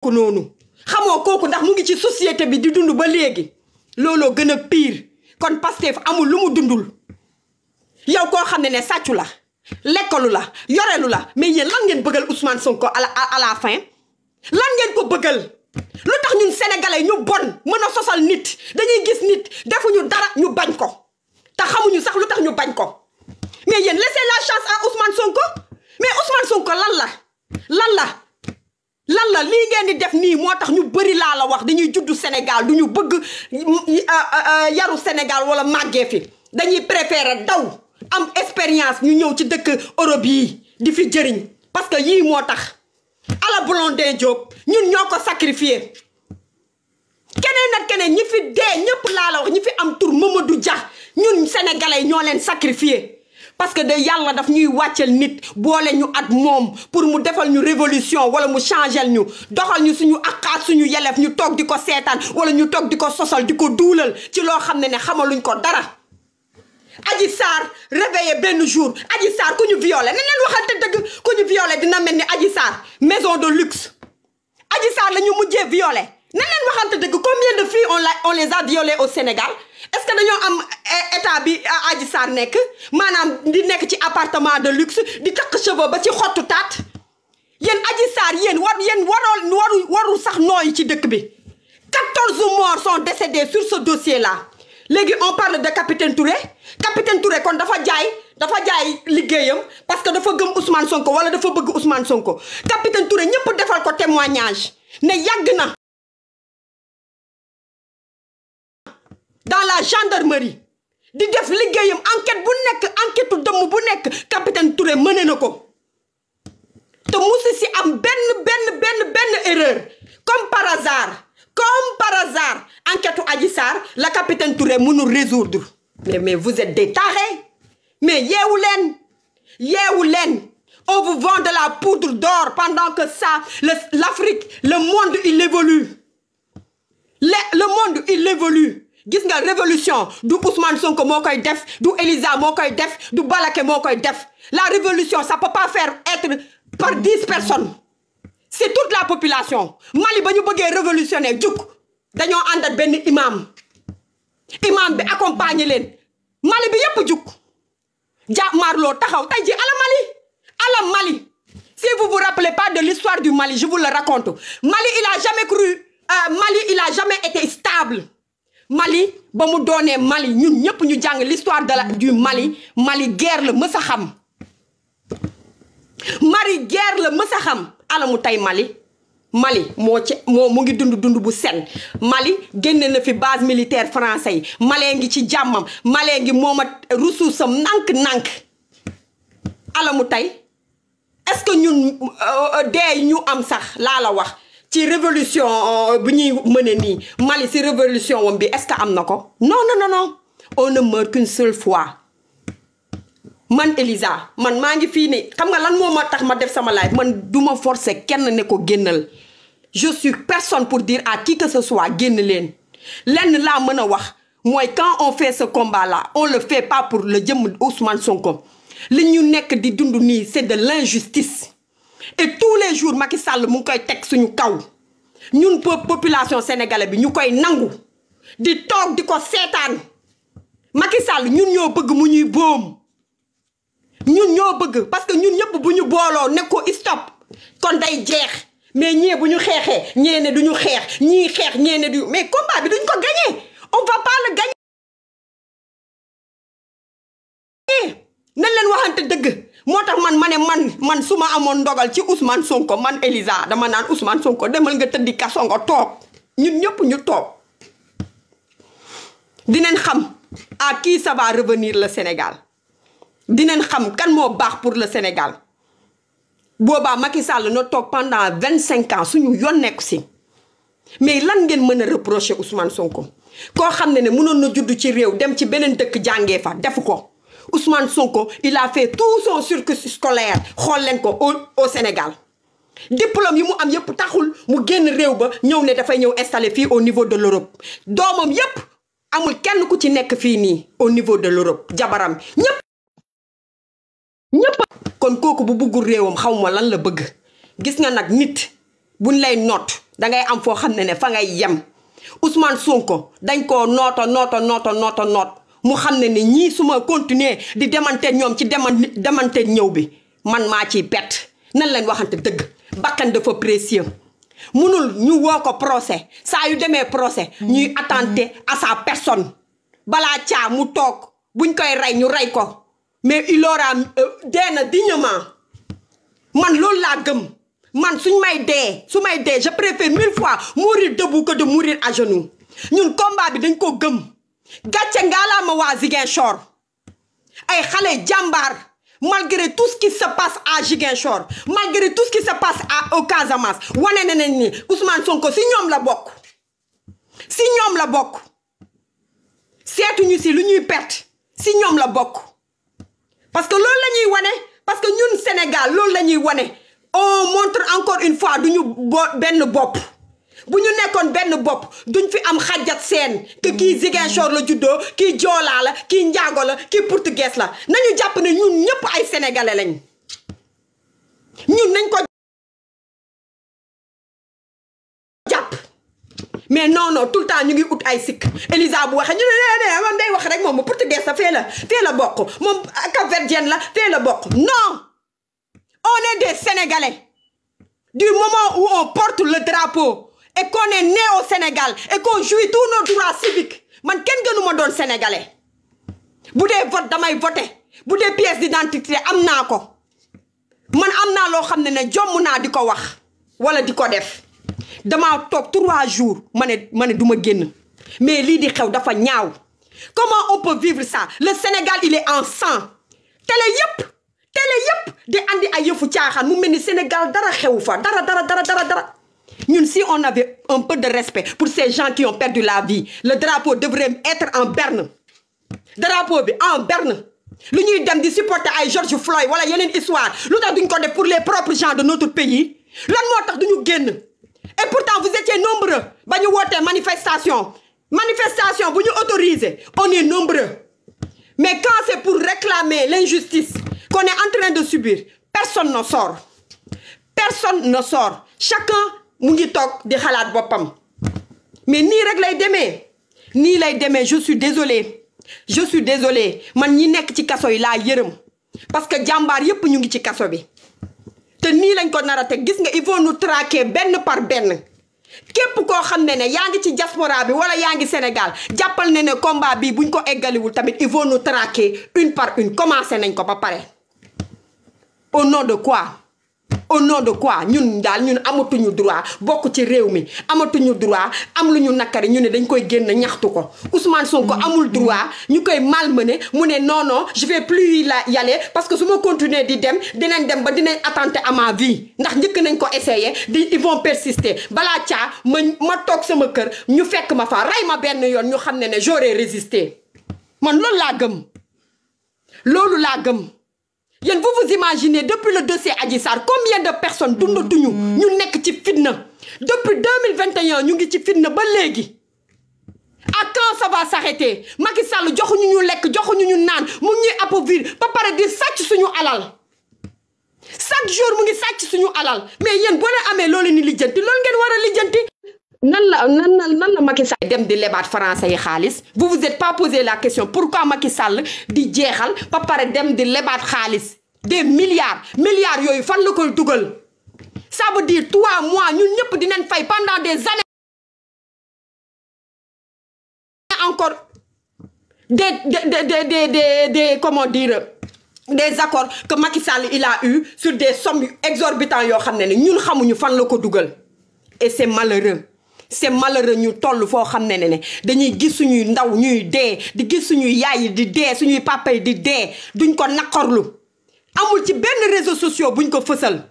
ko noonu xamoo kooku ndax mu ngi ci société bi di dund ba léegi looloo gën a pire kon Pastef amul lu mu dundul yow koo xam ne ne sàccu la lekkalu la yorelu la mais yéen lan ngeen bëggal Ousmane Sonko à la lan ngeen ko bëggal lu tax ñun sénégalais ñu bon mën a sosal nit dañuy gis nit defuñu dara ñu bañ ko te xamuñu sax lu tax ñu bañ ko mais yéen laissez la chance à Ousmane Sonko mais Ousmane Sonko lan la lan la. lan la lii ngeen di def nii moo tax ñu bëri laa la wax dañuy juddu Sénégal du ñu bëgg mm, euh, euh, euh, yaru Sénégal wala màggee fi dañuy préférer daw am expérience ñu ñëw ci dëkk Europe yi di fi jëriñ parce que yii moo tax Alla Blondin Diop ñun ñoo ko sacrifié keneen na keneen ñi fi dee ñëpp laa la wax ñi fi am tur Mamadou Dia ñun sénégalais ñoo leen sacrifié parce que de yàlla daf ñuy wàccel nit boole ñu at moom pour mu defal ñu révolution wala mu changel ñu doxal ñu suñu aqaat suñu yelef ñu toog di ko seetaan wala ñu toog di ko sosal di ko duulal ci loo xam ne ne xamaluñ ko dara Adji Sarr réveillé benn jour Adji Sarr ku ñu violé nañ leen dëgg ku ñu violé dina mel ni Adji Sarr maison de luxe Adji Sarr la ñu mujjee violé nañ leen waxante dëgg ko de filles on la on les a violées au Sénégal est-ce que dañoo am eh, état bi eh, Adji Sarr nekk maanaam di nekk ci appartement de luxe di takk cheveux ba ci xottu taat yéen Adji Sarr yéen war yéen warool waru warul sax nooyu ci dëkk bi quatorze morts sont décédés sur ce dossier là léegi on parle de capitaine Touré capitaine Touré kon dafa jaay dafa jaay liggéeyam parce que dafa gëm Ousmane Sonko wala dafa bëgg Ousmane Sonko capitaine Touré ñëpp defal ko témoignage ne yàgg na dans la gendarmerie di def liggéeyam enquête bu nekk enquête dëmm bu nekk capitaine Touré mëne na ko te musu si am benn benn benn benn erreur comme par hasard comme par hasard enquête Adji la capitaine Touré mënul résoudre mais mais vous êtes des tarés mais yeewu leen yeewu leen on vous vend de la poudre d'or pendant que ça l'Afrique le monde il évolue gis nga révolution du Ousmane Sonko moo koy def du Elisa moo koy def du Balaké moo koy def la révolution ça peut pas faire être par dix personnes c'est toute la population Mali ba ñu bëggee révolutionner juk dañoo ànd benn imam imam bi accompagner leen Mali bi yépp juk loo taxaw tey ji ala Mali ala Mali si vous vous rappelez pas de l'histoire du Mali je vous la raconte Mali il a jamais cru euh, a jamais été stable Mali ba mu doonee Mali ñun ñëpp ñu jàng l'histoire de la du Mali Mali guerre la mës a xam Mali guerre la mës xam alamu tey Mali Mali moo ci moo mu ngi dund dund bu sen Mali génne na fi base militaire français yi malee ngi ci jàmmam malee ngi moom a ressource nànk-nànk alamu tey est-ce que ñun euh, euh, dee ñu am sax laa la wax ci révolution euh, bu ñuy mëne nii Mali si révolution wam bi est-ce que am na ko non non non non on ne meurt qu'une seule fois man Elisa man maa ngi fii nii xam nga lan moo ma tax ma def sama live man du ma forcer kenn ne ko génnal je suis personne pour dire à qui que ce soit génn leen lenn laa mën a wax mooy quand on fait sa combat là on le fait pas pour le jëm Ousmane Sonko li ñu nekk di dund nii c'est de l'injustice et tous les jours Macky Sall mu ngi koy teg suñu kaw ñun population sénégalais bi ñu koy nangu di toog di ko seetaan Macky Sall ñun ñoo bëgg mu ñuy boom ñun ñoo bëgg parce que ñun ñëpp bu ñu booloo ne ko stop kon day jeex mais ñii bu ñu xeexee ñeene ne du ñu xeex ñii xeex ñee ne du mais combat bi duñ ko gagné on va pas le gagner leen waxante dëgg moo tax man ma ne man man su ma amoon ndogal ci Ousmane Sonko man Elisa dama naan Ousmane Sonko demal nga tëddi kaso nga toog ñun ñëpp ñu toog dinañ xam à kii saba va revenir le Sénégal dinañ xam kan moo baax pour le Sénégal boobaa Macky Sall noo toog pendant vingt suñu yoon nekku si mais lan ngeen mën a reprocher Ousmane ko koo xam ne ne mënoon na judd ci réew dem ci beneen dëkk jàngee fa defu ko. Ousmane Sonko il a fait tout son circuit scolaire xool leen ko au au Sénégal diplôme yi mu am yëpp taxul mu génn réew ba ñëw ne dafay ñëw installé fii au niveau de l'Europe doomam yëpp amul kenn ku ci nekk fii nii au niveau de l'Europe jabaram ñëpp kon kooku bu buggul réewam xaw ma lan la bëgg gis nga nag nit buñ lay noot dangay am foo xam ne ne fa ngay yem Ousmane Sonko dañ koo nooto nooto nooto nooto noot mu xam ne ni ñii suma ma continuer di demante ñoom ci deman demante ñëw bi man maa ci pet nan leen waxante dëgg bakkan dafa précieux munul ñu woo ko procès saa yu demee procès ñuy mm-hmm. attenter à sa personne balaa caa mu toog buñ koy rey ñu rey ko mais il aura euh, dee na di dignement man loolu laa gëm man suñ may dee su may dee je préfère mille fois mourir debout que de mourir à ñun combat bi dañ koo gëm gàcce ngaalaama waa Ziguinchor ay xale jàmbaar malgré tout ce qui se passe à Ziguinchor malgré tout ce qui se passe à au Casamance wane na leen Sonko si ñoom la bokk si ñoom la bokk seetuñu si lu ñuy perte si ñoom la bokk parce que loolu lañuy wane parce que ñun Sénégal loolu la ñuy wane on montre encore une fois duñu bo benn bopp. bu ñu nekkoon benn bopp duñ fi am xajjat seen que kii Ziguinchor la juddoo kii joolaa la kii njaago la kii portugais la nañu jàpp ne ñun ñëpp ay sénégalais lañ ñun nañ ko jàpp mais non non tout le temps ñu ngi ut ay sikk Elisa bu waxee ñu ne nee man day wax rek moom portugais la fee la fee la bokk moom capverdienne la fee la non on est des sénégalais du moment où on porte le drapeau et e est né au Sénégal et qu'on jouit tous nos droits man kenn ma doon sénégalais bu dee vote damay voté bu dee pièce d'identité am naa ko man am naa loo xam ne ne jomm naa di ko wax wala di ko def dama toog trois jours ma ne ma ne génn mais lii di xew dafa ñaaw comment on peut vivre ça le Sénégal il en sang tele yëpp télé yëpp di andi ay yëfu caaxaan mu mel ni Sénégal dara xew fa dara dara dara dara dara ñun si on avait un peu de respect pour ces gens qui ont perdu la vie le drapeau devrait être en berne drapeau bi en berne lu ñuy dem di supporter ay George Floyd wala yeneen histoire lu tax duñ ko def pour les propres gens de notre pays lan moo tax duñu génn et pourtant vous étiez nombreux ba ñu wootee manifestation manifestation bu ñu autorisé on est nombreux mais quand c'est pour réclamer l'injustice qu'on est en train de subir personne ne sort personne ne sort chacun mu ngi toog di xalaat boppam mais nii rek lay demee nii lay demee je suis désolé je suis désolé man ñi nekk ci kaso yi laa yërëm parce que jàmbaar yépp ñu ngi ci kaso bi te nii lañ ko nar a gis nga ils vont nous traquer benn par benn képp koo xam ne ne yaa ngi ci diaspora bi wala yaa ngi Sénégal jàppal ne ne combat bi buñ ko eggaliwul tamit i vont nous traquer une par une commencé nañ ko ba pare au nom de quoi au non de quoi ñun daal ñun amatuñu droit bokk ci réew mi amatuñu droit am lu ñu nakari ñu ne dañ koy génn ñaxtu ko Ousmane ko amul droit ñu koy malmené mu ne non non je vais plus y aller parce que su ma continuer di dem dinañ dem ba dinañ attenter à ma ndax njëkk nañ ko essayer di ils vont persister balaa caa ma ma toog sama kër ñu fekk ma fa rey ma benn yoon ñu xam ne ne joree résister man loolu laa gëm loolu laa gëm. yéen vous vous imaginez depuis le dossier Adji Sarr combien de personnes dundatuñu ñu nekk ci fitna depuis 2021 ñu ngi ci fitna ba léegi à quand ça va s'arrêter sàll joxuñu ñu lekk joxuñu ñu naan mu ñuy appauvrir ba pare di sàcc suñu alal chaque jour mu ngi sàcc suñu alal mais yéen boo leen amee loolu ni lijjanti loolu ngeen war a lijjanti nan la nan la nan la Macky Sall dem di lebaat français yi xaalis vous vous êtes pas posé la question pourquoi Macky Sall di jeexal ba pare dem di lebaat xaalis des milliards milliards yooyu fan la koy dugal ça veut dire mois ñun ñëpp dinañ fay pendant des années encore des des des des des comment dire des sommes exorbitantes yoo xam ne ne ñun xamuñu fan la ko dugal et c'est malheureux c'est malheureux ñu toll foo xam ne ne dañuy gis suñuy ndaw ñuy dee di gis suñuy yaay yi di dee suñuy papa di dee duñ ko naqarlu amul ci benn réseaux sociaux buñ ko fësal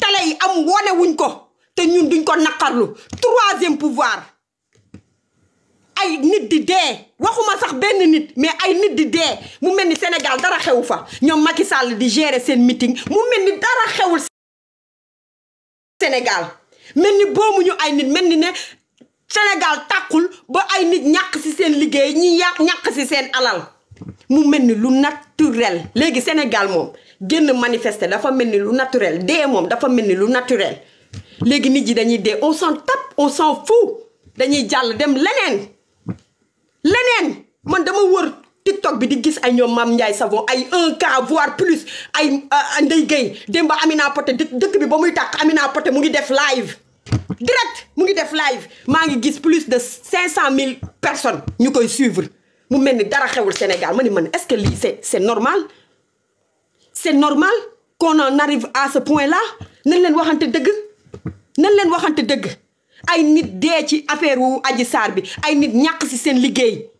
tale yi am wone ko te ñun duñ ko naqarlu troisième pouvoir ay nit di dee waxuma sax benn nit mais ay nit di dee mu mel ni Sénégal dara xewu fa ñoom Macky Sall di gere seen meeting mu mel ni dara xewul Sénégal mel ni boobu ñu ay nit mel ni ne Sénégal tàkkul ba ay nit ñàkk si seen liggéey ñi yàq ñàkk si seen alal mu mel ni lu naturel léegi Sénégal moom génn manifester dafa mel ni lu naturel dee moom dafa mel ni lu naturel léegi nit yi dañuy dee on s'en tape on dañuy jàll dem leneen leneen man dama wër TikTok bi di gis ay ñoom Mame Ndiaye Savon ay un cas voire plus ay euh, Ndeye Gueye Demba Amina Poté dëkk bi ba muy tàkk Amina Poté mu ngi def live direct mu ngi def live maa ngi gis plus de cinq cent mille personnes ñu koy suivre mu mel ni dara xewul Sénégal ma ni man est-ce que lii c'est c'est normal c'est normal qu'on en arrive à ce point là nañ leen waxante dëgg nañ leen waxante dëgg ay nit dee ci affaire wu Adji bi ay nit ñàkk si seen liggéey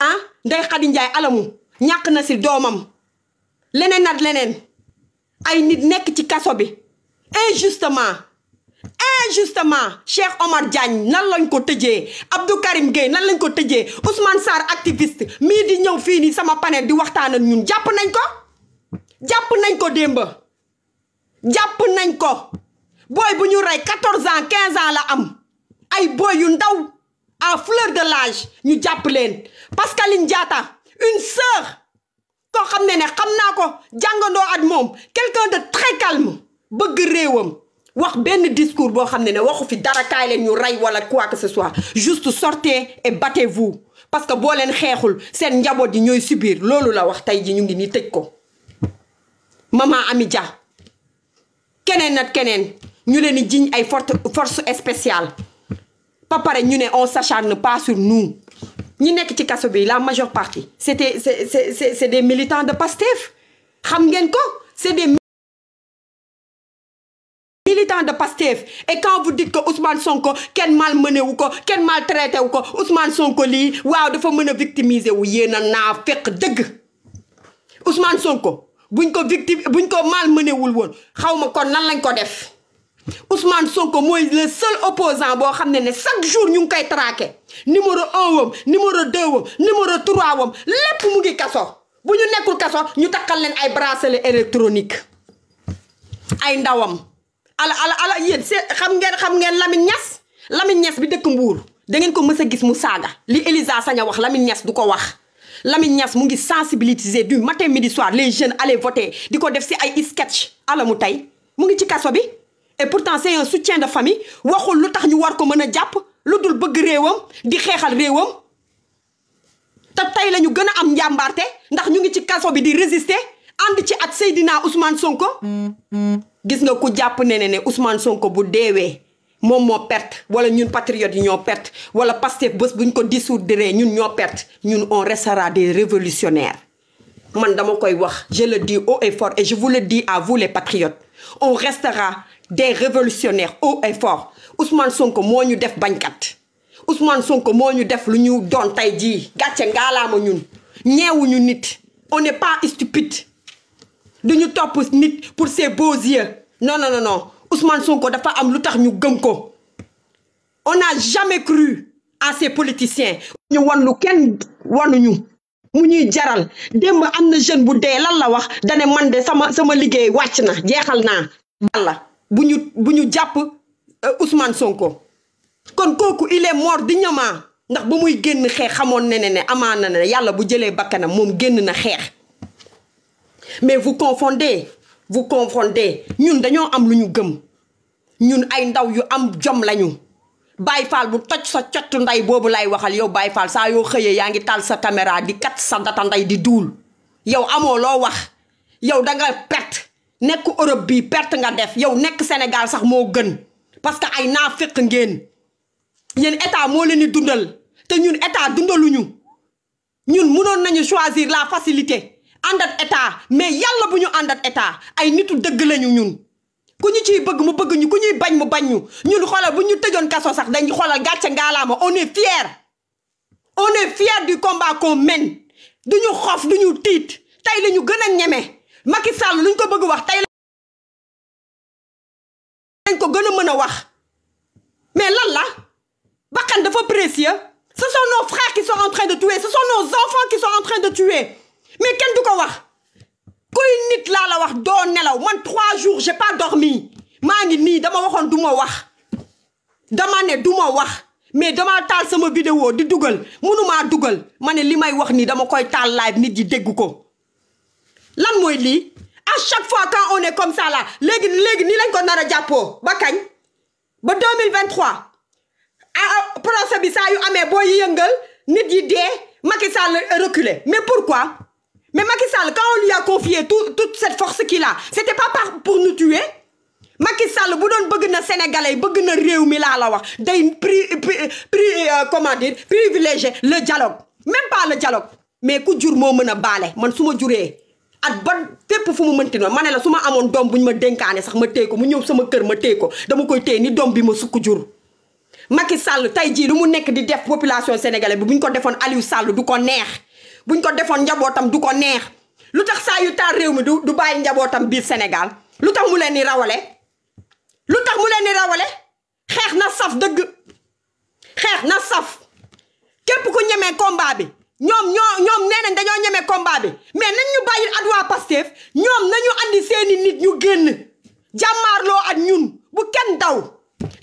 ah Ndeye Khady Ndiaye alamu ñàkk na si doomam leneen ak leneen ay nit nekk ci kaso bi injustement injustement eh, Cheikh Omar Diagne nan lañ ko tëjee Abdou Karim Gueye nan lañ ko tëjee Ousmane Sarr activiste mii di ñëw fii nii sama panel di waxtaan ak ñun jàpp nañ ko jàpp nañ ko démb jàpp nañ ko booy bu ñu rey 14 ans 15 ans la am ay booy yu ndaw à fleur de l'âge ñu jàpp leen Pascaline Diatta une sœur koo xam ne ne xam naa ko jàngandoo at moom quelqu'un de très calme bëgg réewam wax benn discours boo xam ne ne waxu fi dara kaay leen ñu rey wala quoi que ce soit juste sortez et battez-vous parce que boo leen xeexul seen njaboot yi ñooy subir loolu la wax tey ji ñu ngi nii tëj ko maman Amy Dia keneen nag keneen ñu leen di jiñ ay force force spéciale ba pare ñu ne on s'acharne pas sur nous ñi nekk ci kaso bi la majeure partie c'était c'est c'est c'est des militants de Pastef xam ngeen ko c'est des militants de Pastef et quand vous dites que Sonko kenn malmené mënewu ko kenn maltraité wu ko Ousmane Sonko lii waaw dafa mën a victimiser wu yéen a naa fekk dëgg Ousmane Sonko buñ ko victime buñ ko malmené mënewul woon xaw ma kon nan lañ ko def. Ousmane Sonko mooy le seul opposant boo xam ne ne chaque jour ñu ngi koy traqué numéro un wam numéro deux wam numéro trois wam lépp mu ngi kaso bu ñu nekkul kaso ñu takkal leen ay bracelet électronique ay ndawam. ala ala ala yéen seen xam ngeen xam ngeen Lamine Niass Lamine Niass bi dëkk Mbour da ngeen ko mës a gis mu saaga li Elisa Sagna wax Lamine Niass du ko wax. Lamine Niass mu ngi sensibiliser du matin midi soir les jeunes allez voter di ko def si ay sketch ala mu tey mu ngi ci kaso bi et pourtant c'est un soutien de famille waxul lu tax ñu war ko mën a jàpp lu dul bëgg réewam di xeexal réewam te tey la ñu gën a am njàmbaarte ndax ñu ngi ci kaso bi di résister. ànd ci ak Seydina Ousmane Sonko. gis nga ku jàpp ne ne ne Ousmane Sonko bu deewee moom moo perte wala ñun patriotes yi ñoo perte wala Pastef bés buñ ko dissoudre ñun ñoo perte ñun on restera des révolutionnaires man dama koy wax. je le dis haut et fort et à vous les patriotes on restera des révolutionnaires haut et fort Ousmane Sonko moo ñu def bañkat Ousmane Sonko moo ñu def lu ñu doon tey jii. gàcce ngaalaama ñun ñeewuñu nit on n'est pas stupide. du ñu topp nit pour ses beaux yeux non non non non Ousmane dafa am lu tax ñu gëm ko on n'a jamais cru à ces politiciens. ñu wan lu kenn wanuñu mu ñuy jaral démb am na jeune bu dee lan la wax da man de sama sama liggéey wàcc na jeexal naa. walla bu ñu bu ñu jàpp euh, Ousmane Sonko kon kooku il est mort dignement ndax ba muy génn xeex xamoon ne ne ne amaana ne yàlla bu jëlee bakkanam moom génn na xeex. mais vous confondez vous confondez ñun dañoo am lu ñu gëm ñun ay ndaw yu am jom lañu bay Fall bu toj sa cottu nday boobu lay waxal yow bay Fall saa yoo xëyee yaa ngi taal sa caméra di kat sa data nday di duul yow amoo loo wax yow danga nga perte nekk Europe bi perte nga def yow nekk Sénégal sax moo gën parce que ay naaféq ngeen yéen état moo leen di dundal te ñun état dundaluñu ñun mënoon nañu choisir la facilité ànd ak état mais yàlla bu ñu ànd ak état ay nitu dëgg lañu ñun ku ñu ciy bëgg mu bëgg ñu ku ñuy bañ mu bañ ñu ñun xoolal bu ñu tëjoon kaso sax dañ xoolal gàcce ngaalaama on est fier on est fier du combat qu'on mène du ñu xof du ñu tiit tey la ñu gën a ñeme Macky Sall lu ñu ko bëgg wax tey lañ ko gën a mën a wax mais lan la bakkan dafa précieux ce sont nos frères qui de tuer ce sont nos enfants qui de tuer mais kenn du ko wax kuy nit laa la wax doo nelaw man trois jours j'ai pas dormi maa ngi nii dama waxoon du ma wax dama ne du ma wax mais dama taal sama vidéo di dugal mënumaa dugal ma ne li may wax nii dama koy taal live nit yi dégg ko lan mooy lii à chaque fois quand on est comme ça léegi léegi nii lañ ko nar a jàppoo ba kañ ba 2023 ah, ah procès bi saa yu amee boo yëngal nit yi dee Macky Sall reculé mais pourquoi Mais Macky Sall, ka on lui a confié tout, toute cette force qu'il a, c'était pas par, pour nous tuer Macky Sall bu doon bëgg na sénégalais bëgg na réew mi laa la wax day pri pri euh, comment dire privilégié le dialogue même pas le dialogue mais ku jur moo mën a baale man su ma juree at ba fépp fu mu mënti ma ne la su ma amoon doom bu ñu ma dénkaane sax ma téye ko mu ñëw sama kër ma téye ko dama koy téye ni doom bi ma sukk jur. Macky Sall tey jii lu mu nekk di def population sénégalaise bi bu ñu ko defoon Aliou Sall du ko neex. buñ ko defoon njabootam du ko neex lu tax saa yu taal réew mi du du bàyyi njabootam biir Sénégal lu tax mu leen di rawale lu tax mu leen xeex na saf dëgg xeex na saf képp ku ñemee combat bi ñoom ñoo ñoom nee nañ dañoo ñemee combat bi mais nañ bàyyil at waa ñoom nañu andi seeni nit ñu génn jàmmaarloo ak ñun bu kenn daw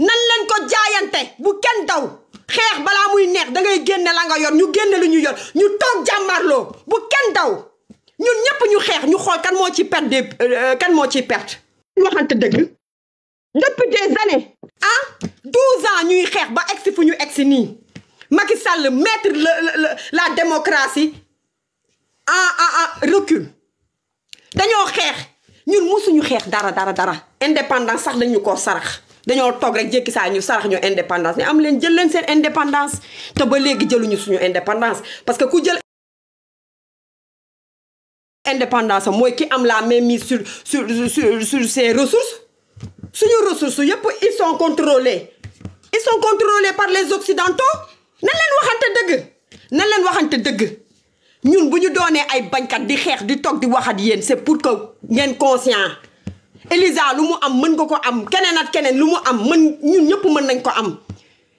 nan leen ko jaayante bu kenn daw xeex balaa muy neex da ngay génne la nga yor ñu génne lu ñu yor ñu toog jàmmarloo bu kenn daw ñun ñëpp ñu xeex ñu xool kan moo ci perte de euh, kan moo ciy perte. waxante dëgg depuis des années. ah 12 ans ñuy xeex ba egsi fu ñu egsi nii Macky Sall mettre la la démocratie en en en recul dañoo xeex ñun mosuñu xeex dara dara dara indépendance sax dañu ko sarax. dañoo toog rek jékki saa ñu sarax ñu indépendance mais am leen jël leen seen indépendance te ba léegi jëluñu suñu indépendance parce que ku jël indépendance mooy ki am la mainmise sur sur sur sur ses ressources ressources yëpp ils sont contrôlés ils par les occidentaux na leen waxante dëgg na leen waxante dëgg ñun bu ñu doonee ay bañkat di xeex di toog di waxat yéen c'est pour que ngeen conscient Elisa lu mu am mën nga ko am keneen ak keneen lu mu am mën ñun ñëpp mën nañ ko am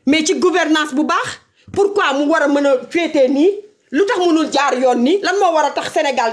mais ci gouvernance bu baax pourquoi mu war a mën a féetee nii lu tax mënul jaar yoon nii lan moo war a tax Sénégal